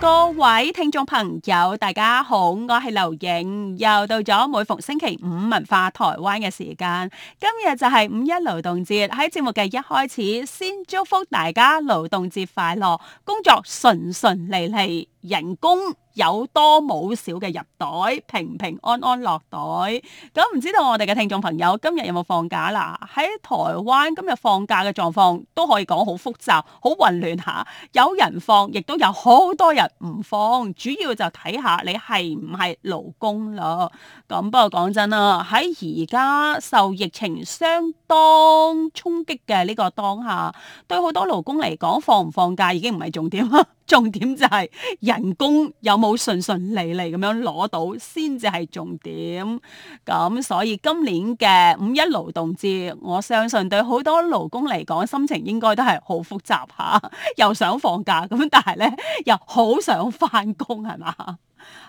各位聽眾朋友，大家好，我係劉瑩，又到咗每逢星期五文化台灣嘅時間，今日就係五一勞動節，喺節目嘅一開始，先祝福大家勞動節快樂，工作順順利利，人工。有多冇少嘅入袋，平平安安落袋。咁唔知道我哋嘅聽眾朋友今日有冇放假啦？喺台灣今日放假嘅狀況都可以講好複雜，好混亂吓。有人放，亦都有好多人唔放。主要就睇下你係唔係勞工咯。咁不過講真啦，喺而家受疫情相當衝擊嘅呢個當下，對好多勞工嚟講，放唔放假已經唔係重點啦。重點就係、是、人工有冇順順利利咁樣攞到先至係重點。咁所以今年嘅五一勞動節，我相信對好多勞工嚟講，心情應該都係好複雜嚇、啊，又想放假，咁但係呢又好想返工，係嘛？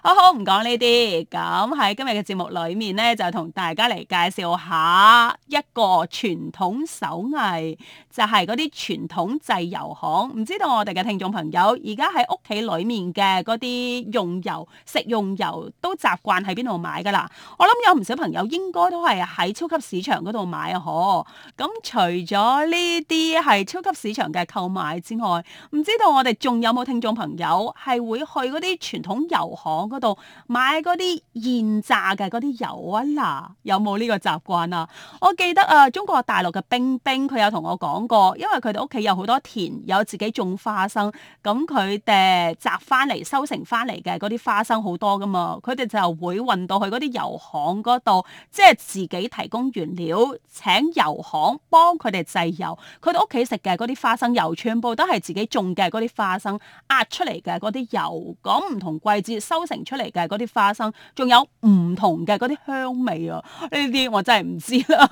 哦、好好唔講呢啲，咁喺、嗯、今日嘅節目裏面呢，就同大家嚟介紹一下一個傳統手藝，就係嗰啲傳統製油行。唔知道我哋嘅聽眾朋友而家喺屋企裏面嘅嗰啲用油、食用油都習慣喺邊度買噶啦？我諗有唔少朋友應該都係喺超級市場嗰度買嗬。咁、嗯、除咗呢啲係超級市場嘅購買之外，唔知道我哋仲有冇聽眾朋友係會去嗰啲傳統油行？行嗰度買嗰啲現榨嘅嗰啲油啊嗱，有冇呢個習慣啊？我記得啊，中國大陸嘅冰冰佢有同我講過，因為佢哋屋企有好多田，有自己種花生，咁佢哋摘翻嚟收成翻嚟嘅嗰啲花生好多噶嘛，佢哋就會運到去嗰啲油行嗰度，即係自己提供原料，請油行幫佢哋製油。佢哋屋企食嘅嗰啲花生油全部都係自己種嘅嗰啲花生壓出嚟嘅嗰啲油。講唔同季節，收成出嚟嘅啲花生，仲有唔同嘅啲香味啊！呢啲我真係唔知啦，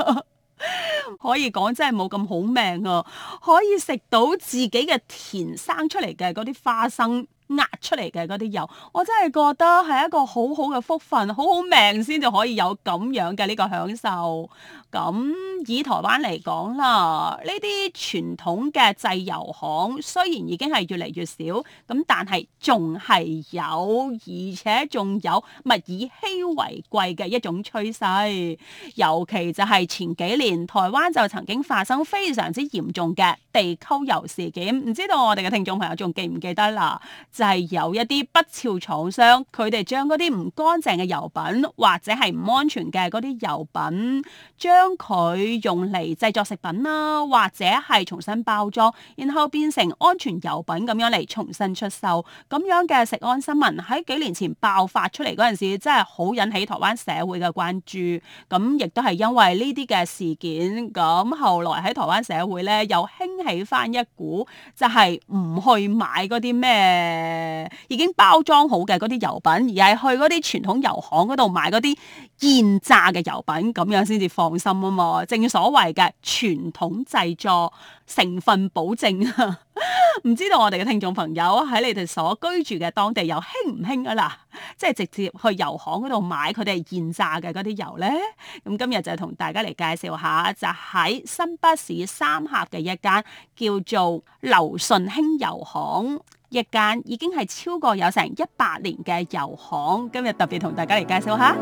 可以講真係冇咁好命啊！可以食到自己嘅田生出嚟嘅啲花生出嚟嘅嗰啲油，我真係覺得係一個好好嘅福分，好好命先至可以有咁樣嘅呢個享受。咁以台灣嚟講啦，呢啲傳統嘅製油行雖然已經係越嚟越少，咁但係仲係有，而且仲有物以稀為貴嘅一種趨勢，尤其就係前幾年台灣就曾經發生非常之嚴重嘅地溝油事件，唔知道我哋嘅聽眾朋友仲記唔記得啦？就係。有一啲不肖廠商，佢哋將嗰啲唔乾淨嘅油品或者係唔安全嘅嗰啲油品，將佢用嚟製作食品啦，或者係重新包裝，然後變成安全油品咁樣嚟重新出售。咁樣嘅食安新聞喺幾年前爆發出嚟嗰陣時，真係好引起台灣社會嘅關注。咁亦都係因為呢啲嘅事件，咁後來喺台灣社會呢，又興起返一股，就係唔去買嗰啲咩，已經包裝好嘅嗰啲油品，而係去嗰啲傳統油行嗰度買嗰啲現榨嘅油品，咁樣先至放心啊嘛！正所謂嘅傳統製作成分保證，唔知道我哋嘅聽眾朋友喺你哋所居住嘅當地又興唔興啊？嗱，即係直接去油行嗰度買佢哋現榨嘅嗰啲油呢。咁今日就同大家嚟介紹下，就喺新北市三峽嘅一間叫做劉順興油行。一間已經係超過有成一百年嘅油行，今日特別同大家嚟介紹下。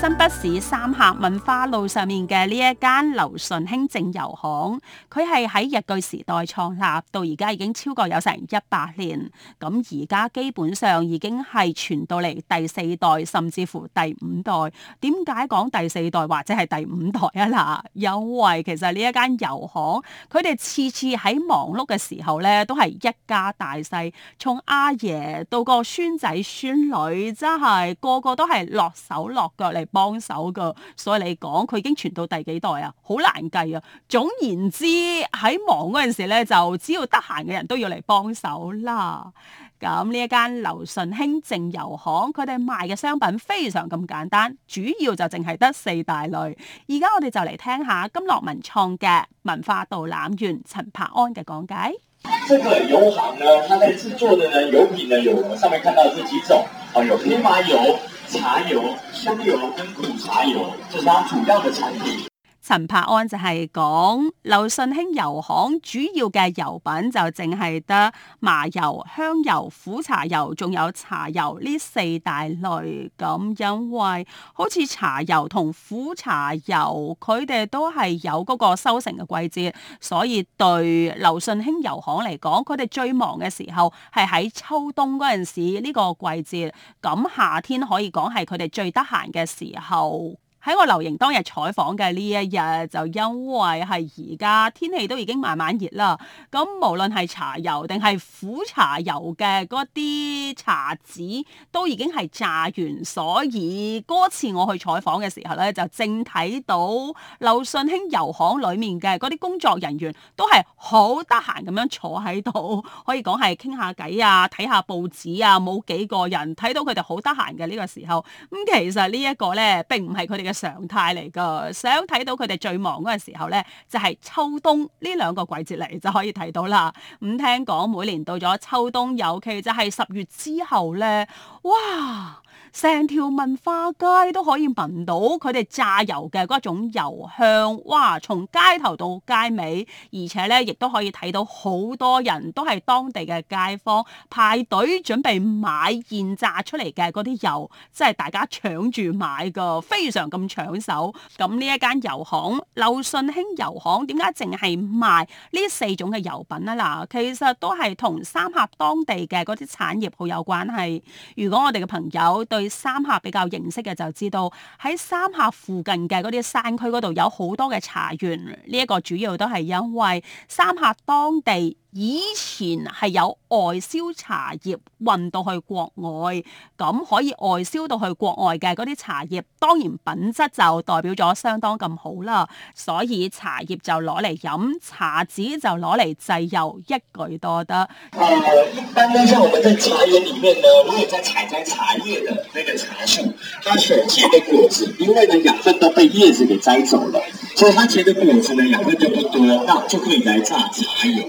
新北市三峽文化路上面嘅呢一間劉順興正油行，佢係喺日據時代創立，到而家已經超過有成一百年。咁而家基本上已經係傳到嚟第四代，甚至乎第五代。點解講第四代或者係第五代啊？嗱，因為其實呢一間油行，佢哋次次喺忙碌嘅時候咧，都係一家大細，從阿爺到個孫仔孫女，真係個個都係落手落腳嚟。幫手噶，所以你講佢已經傳到第幾代啊？好難計啊！總言之，喺忙嗰陣時咧，就只要得閒嘅人都要嚟幫手啦。咁呢一間劉順興正油行，佢哋賣嘅商品非常咁簡單，主要就淨係得四大類。而家我哋就嚟聽下金樂文創嘅文化導覽員陳柏安嘅講解。呢個油行呢，佢哋製作嘅呢油品呢，有上面看到呢幾種，啊、哦，有芝麻油，嗯茶油、香油跟苦茶油，這是它主要的產品。陳柏安就係講，劉順興油行主要嘅油品就淨係得麻油、香油、苦茶油，仲有茶油呢四大類。咁因為好似茶油同苦茶油，佢哋都係有嗰個收成嘅季節，所以對劉順興油行嚟講，佢哋最忙嘅時候係喺秋冬嗰陣時呢個季節，咁夏天可以講係佢哋最得閒嘅時候。喺我留營當日採訪嘅呢一日，就因為係而家天氣都已經慢慢熱啦，咁無論係茶油定係苦茶油嘅嗰啲茶籽都已經係榨完，所以嗰次我去採訪嘅時候呢，就正睇到劉順興油行裡面嘅嗰啲工作人員都係好得閒咁樣坐喺度，可以講係傾下偈啊、睇下報紙啊，冇幾個人睇到佢哋好得閒嘅呢個時候，咁其實呢一個呢，並唔係佢哋嘅。常態嚟㗎，想睇到佢哋最忙嗰個時候呢，就係、是、秋冬呢兩個季節嚟就可以睇到啦。咁聽講每年到咗秋冬，尤其就係、是、十月之後呢。哇！成條文化街都可以聞到佢哋榨油嘅嗰種油香，哇！從街頭到街尾，而且咧亦都可以睇到好多人都係當地嘅街坊排隊準備買現榨出嚟嘅嗰啲油，即係大家搶住買噶，非常咁搶手。咁呢一間油行，劉順興油行，點解淨係賣呢四種嘅油品啊？嗱，其實都係同三峽當地嘅嗰啲產業好有關係。如果我哋嘅朋友對去三峽比較認識嘅，就知道喺三峽附近嘅嗰啲山區嗰度有好多嘅茶園。呢一個主要都係因為三峽當地。以前係有外銷茶葉運到去國外，咁可以外銷到去國外嘅嗰啲茶葉，當然品質就代表咗相當咁好啦。所以茶葉就攞嚟飲，茶籽就攞嚟製油，一舉多得。一般呢，剛剛像我們在茶園裡面呢，我有在採摘茶葉嘅那個茶樹，它選結嘅果子，因為呢養分都被葉子給摘走了，所以它結嘅果子呢養分就不多，那就可以嚟榨茶油。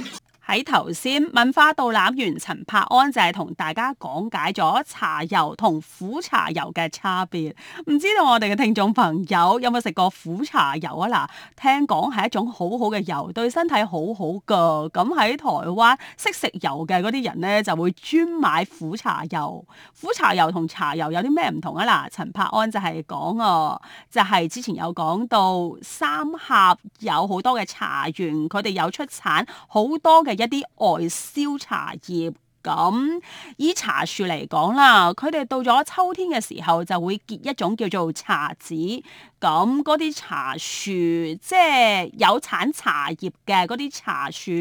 喺頭先，剛剛文化導覽員陳柏安就係同大家講解咗茶油同苦茶油嘅差別。唔知道我哋嘅聽眾朋友有冇食過苦茶油啊？嗱，聽講係一種好好嘅油，對身體好好噶。咁喺台灣識食油嘅嗰啲人呢，就會專買苦茶油。苦茶油同茶油有啲咩唔同啊？嗱，陳柏安就係講啊，就係、是、之前有講到三峽有好多嘅茶園，佢哋有出產好多嘅。一啲外銷茶葉。咁、嗯、以茶樹嚟講啦，佢哋到咗秋天嘅時候就會結一種叫做茶籽。咁嗰啲茶樹，即係有產茶葉嘅嗰啲茶樹，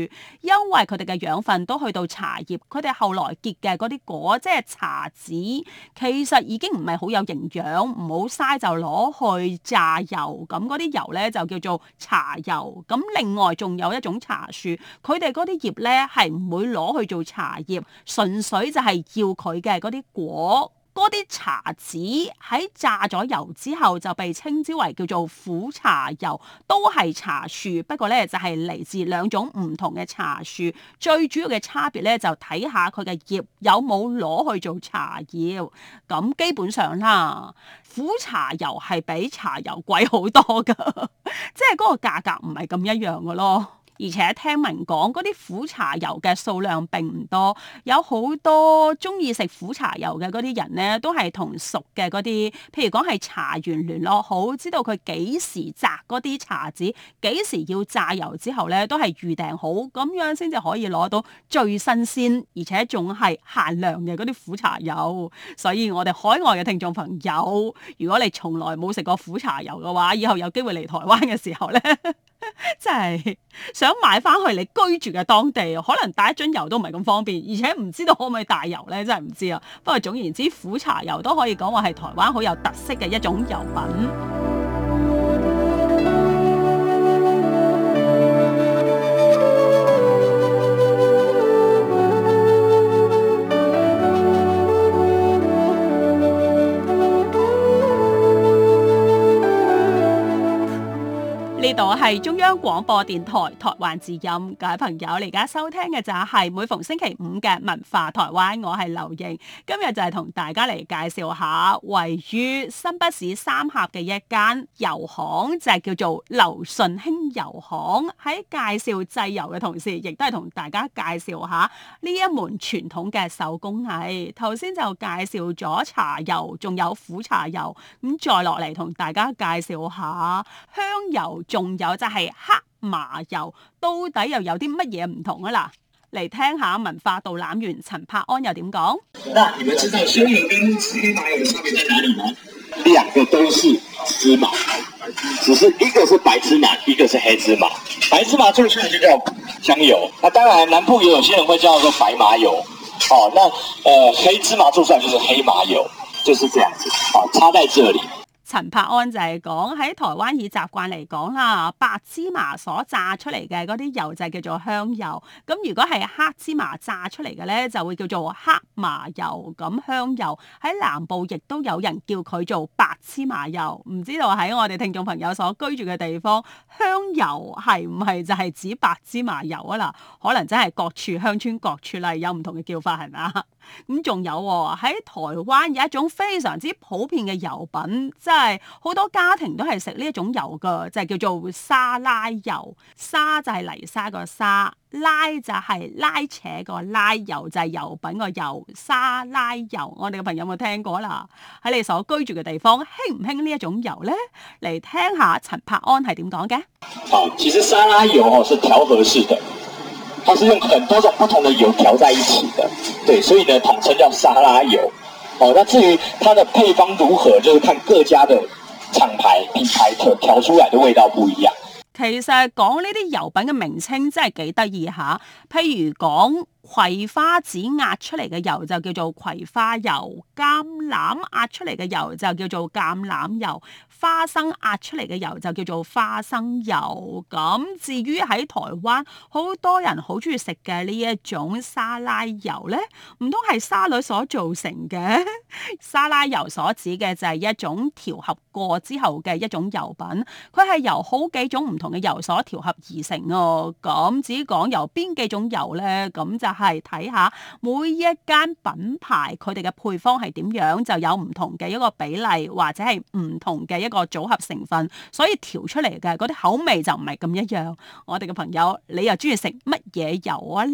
因為佢哋嘅養分都去到茶葉，佢哋後來結嘅嗰啲果，即係茶籽，其實已經唔係好有營養，唔好嘥就攞去榨油。咁嗰啲油咧就叫做茶油。咁、嗯、另外仲有一種茶樹，佢哋嗰啲葉咧係唔會攞去做茶葉。純粹就係要佢嘅嗰啲果、嗰啲茶籽喺榨咗油之後就被稱之為叫做苦茶油，都係茶樹，不過呢，就係嚟自兩種唔同嘅茶樹，最主要嘅差別呢，就睇下佢嘅葉有冇攞去做茶葉，咁基本上啦，苦茶油係比茶油貴好多㗎，即係嗰個價格唔係咁一樣嘅咯。而且聽聞講，嗰啲苦茶油嘅數量並唔多，有好多中意食苦茶油嘅嗰啲人呢，都係同熟嘅嗰啲，譬如講係茶園聯絡好，知道佢幾時摘嗰啲茶籽，幾時要榨油之後呢，都係預訂好，咁樣先至可以攞到最新鮮，而且仲係限量嘅嗰啲苦茶油。所以我哋海外嘅聽眾朋友，如果你從來冇食過苦茶油嘅話，以後有機會嚟台灣嘅時候呢。 真係想買翻去你居住嘅當地，可能帶一樽油都唔係咁方便，而且唔知道可唔可以帶油呢？真係唔知啊。不過總言之，苦茶油都可以講話係台灣好有特色嘅一種油品。我係中央廣播電台台灣之音，各位朋友，你而家收聽嘅就係每逢星期五嘅文化台灣，我係劉瑩，今日就係同大家嚟介紹下位於新北市三峽嘅一間油行，就係叫做劉順興油行。喺介紹製油嘅同時，亦都係同大家介紹下呢一門傳統嘅手工藝。頭先就介紹咗茶油，仲有苦茶油，咁再落嚟同大家介紹下香油，仲。有就係黑麻油，到底又有啲乜嘢唔同啊？嗱，嚟聽下文化導覽員陳柏安又點講？那、嗯、你們知道香油跟黑麻油嘅差別在哪裏呢？兩個都是芝麻，只是一個係白芝麻，一個是黑芝麻。白芝麻做出來就叫香油，那當然南部有有些人會叫做白麻油。好、哦，那誒、呃、黑芝麻做出來就是黑麻油，就是這樣子。好、哦，插在這裏。陳柏安就係講喺台灣以習慣嚟講啦，白芝麻所榨出嚟嘅嗰啲油就叫做香油。咁如果係黑芝麻榨出嚟嘅呢，就會叫做黑麻油。咁香油喺南部亦都有人叫佢做白芝麻油。唔知道喺我哋聽眾朋友所居住嘅地方，香油係唔係就係指白芝麻油啊？嗱，可能真係各處鄉村各處例，有唔同嘅叫法係咪？咁仲有喎，喺台灣有一種非常之普遍嘅油品，係好多家庭都係食呢一種油噶，就係，叫做沙拉油。沙就係泥沙個沙，拉就係拉扯個拉油，就係油品個油。沙拉油，我哋嘅朋友有冇聽過啦？喺你所居住嘅地方，興唔興呢一種油呢？嚟聽下陳柏安係點講嘅。啊，其實沙拉油哦，是調和式的，它是用很多種不同的油調在一起的。對，所以呢統稱叫沙拉油。哦，至於它的配方如何，就是看各家的廠牌品牌調出來的味道不一樣。其實講呢啲油品嘅名稱真係幾得意吓，譬如講。葵花籽壓出嚟嘅油就叫做葵花油，橄欖壓出嚟嘅油就叫做橄欖油，花生壓出嚟嘅油就叫做花生油。咁至於喺台灣好多人好中意食嘅呢一種沙拉油呢，唔通係沙律所造成嘅？ 沙拉油所指嘅就係一種調合過之後嘅一種油品，佢係由好幾種唔同嘅油所調合而成哦。咁至於講由邊幾種油呢？咁就是、～係睇下每一間品牌佢哋嘅配方係點樣，就有唔同嘅一個比例，或者係唔同嘅一個組合成分，所以調出嚟嘅嗰啲口味就唔係咁一樣。我哋嘅朋友，你又中意食乜嘢油啊？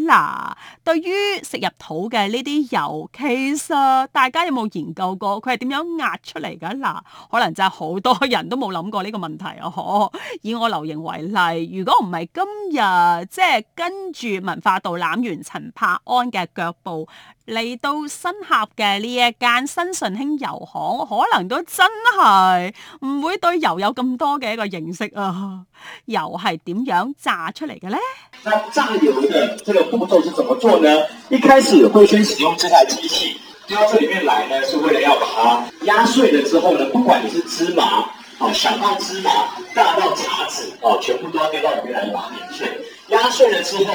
嗱，對於食入肚嘅呢啲油，其實大家有冇研究過佢係點樣壓出嚟㗎？嗱，可能真係好多人都冇諗過呢個問題啊！我以我留言為例，如果唔係今日即係跟住文化導覽完陳拍安嘅腳步嚟到新峽嘅呢一間新順興油行，可能都真係唔會對油有咁多嘅一個認識啊！油係點樣榨出嚟嘅咧？榨油嘅呢個步驟係怎麼做呢？一開始會先使用這台機器，丟到這裏面來呢，是為了要把它壓碎了之後呢，不管你是芝麻哦，小到芝麻，大到茶籽，哦，全部都要丟到裏面嚟把它碾碎。壓碎了之後。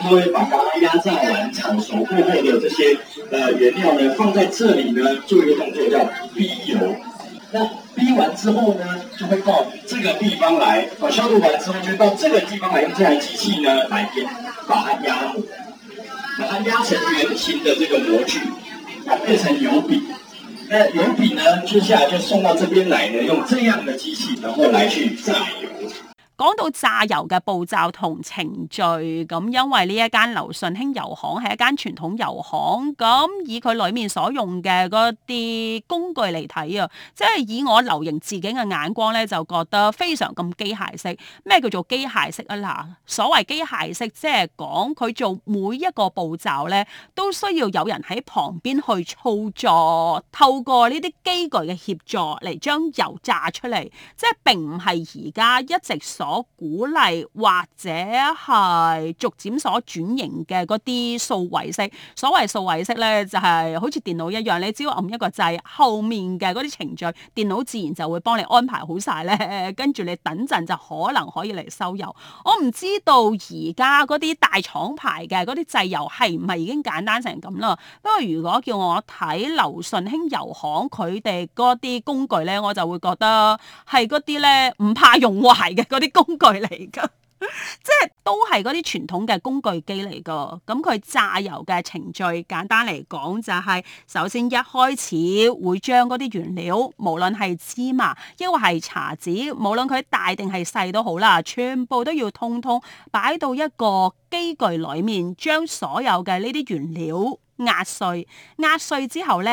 他會把它壓榨完炒熟過後的這些，呃，原料呢，放在這裏呢，做一個動作叫逼油。那逼完之後呢，就會到這個地方來，把、啊、消毒完之後就到這個地方來，用這台機器呢，來把它壓，把它壓成圓形的這個模具，變成油餅。那油餅呢，接下來就送到這邊來呢，用這樣的機器，然後來去榨油。講到榨油嘅步驟同程序，咁因為呢一間劉順興油行係一間傳統油行，咁以佢裡面所用嘅嗰啲工具嚟睇啊，即係以我留形自己嘅眼光呢，就覺得非常咁機械式。咩叫做機械式啊？嗱，所謂機械式，即係講佢做每一個步驟呢，都需要有人喺旁邊去操作，透過呢啲機具嘅協助嚟將油榨出嚟，即係並唔係而家一直所我鼓勵或者係逐漸所轉型嘅嗰啲數位式，所謂數位式呢，就係好似電腦一樣，你只要按一個掣，後面嘅嗰啲程序，電腦自然就會幫你安排好晒呢，跟住你等陣就可能可以嚟收油。我唔知道而家嗰啲大廠牌嘅嗰啲製油係唔係已經簡單成咁啦？不過如果叫我睇劉順興油行佢哋嗰啲工具呢，我就會覺得係嗰啲呢唔怕用壞嘅嗰啲。工具嚟噶，即係都係嗰啲傳統嘅工具機嚟噶。咁佢榨油嘅程序簡單嚟講就係首先一開始會將嗰啲原料，無論係芝麻抑或係茶籽，無論佢大定係細都好啦，全部都要通通擺到一個機具裏面，將所有嘅呢啲原料壓碎，壓碎之後呢。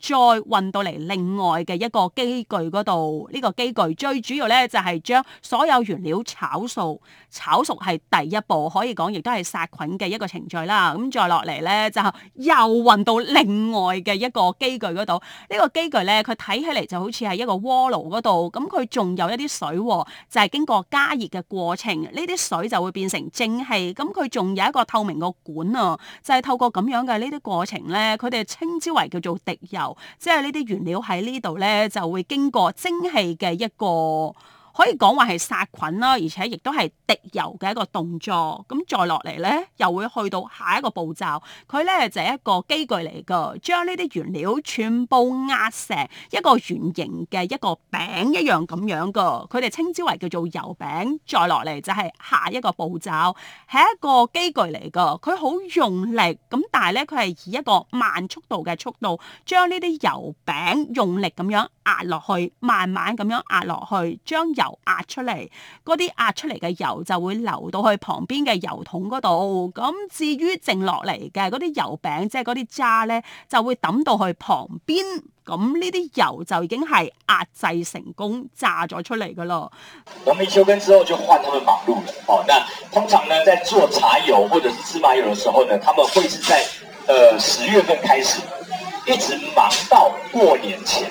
再運到嚟另外嘅一個機具嗰度，呢個機具最主要呢，就係將所有原料炒熟，炒熟係第一步，可以講亦都係殺菌嘅一個程序啦。咁再落嚟呢，就又運到另外嘅一個機具嗰度，呢個機具呢，佢睇起嚟就好似係一個鍋爐嗰度，咁佢仲有一啲水喎，就係經過加熱嘅過程，呢啲水就會變成蒸氣。咁佢仲有一個透明個管啊，就係透過咁樣嘅呢啲過程呢，佢哋稱之為叫做滴油。即係呢啲原料喺呢度咧，就會經過蒸氣嘅一個。可以講話係殺菌啦，而且亦都係滴油嘅一個動作。咁再落嚟呢，又會去到下一個步驟。佢呢就係一個機具嚟㗎，將呢啲原料全部壓成一個圓形嘅一個餅一樣咁樣㗎。佢哋稱之為叫做油餅。再落嚟就係下一個步驟，係一個機具嚟㗎。佢好用力咁，但係呢，佢係以一個慢速度嘅速度，將呢啲油餅用力咁樣壓落去，慢慢咁樣壓落去，將油壓出嚟嗰啲壓出嚟嘅油就會流到去旁邊嘅油桶嗰度，咁至於剩落嚟嘅嗰啲油餅，即係嗰啲渣呢，就會抌到去旁邊，咁呢啲油就已經係壓製成功榨咗出嚟噶咯。我呢，春根之後就換他們忙碌了，哦，那通常呢，在做茶油或者是芝麻油嘅時候呢，他們會是在、呃，十月份開始，一直忙到過年前。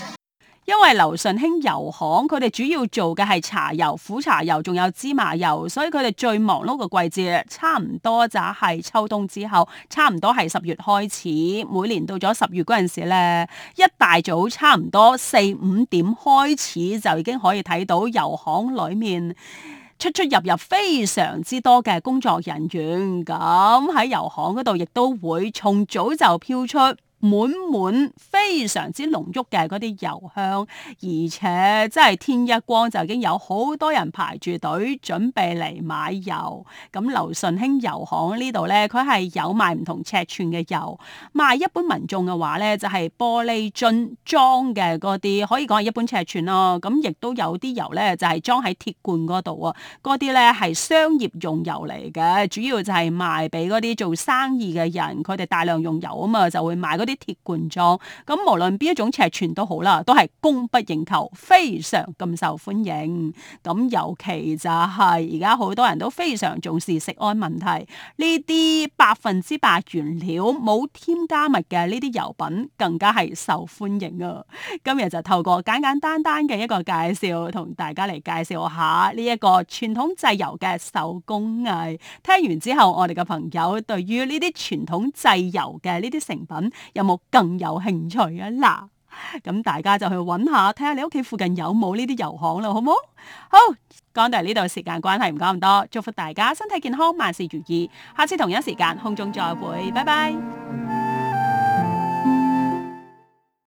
因為劉順興油行，佢哋主要做嘅係茶油、苦茶油，仲有芝麻油，所以佢哋最忙碌嘅季節差唔多就係秋冬之後，差唔多係十月開始，每年到咗十月嗰陣時呢，一大早差唔多四五點開始就已經可以睇到油行裏面出出入入非常之多嘅工作人員，咁喺油行嗰度亦都會從早就飄出。滿滿非常之濃郁嘅嗰啲油香，而且真係天一光就已經有好多人排住隊準備嚟買油。咁劉順興油行呢度咧，佢係有賣唔同尺寸嘅油，賣一般民眾嘅話咧就係玻璃樽裝嘅嗰啲，可以講係一般尺寸咯。咁亦都有啲油咧就係裝喺鐵罐嗰度啊，嗰啲咧係商業用油嚟嘅，主要就係賣俾嗰啲做生意嘅人，佢哋大量用油啊嘛，就會賣嗰啲。啲鐵罐裝咁，無論邊一種尺寸都好啦，都係供不應求，非常咁受歡迎。咁尤其就係而家好多人都非常重視食安問題，呢啲百分之百原料冇添加物嘅呢啲油品更加係受歡迎啊！今日就透過簡簡單單嘅一個介紹，同大家嚟介紹下呢一個傳統製油嘅手工藝。聽完之後，我哋嘅朋友對於呢啲傳統製油嘅呢啲成品，有冇更有興趣啊？嗱，咁大家就去揾下，睇下你屋企附近有冇呢啲油行啦，好唔好？好，講到嚟呢度，時間關係唔講咁多，祝福大家身體健康，萬事如意，下次同一時間空中再會，拜拜。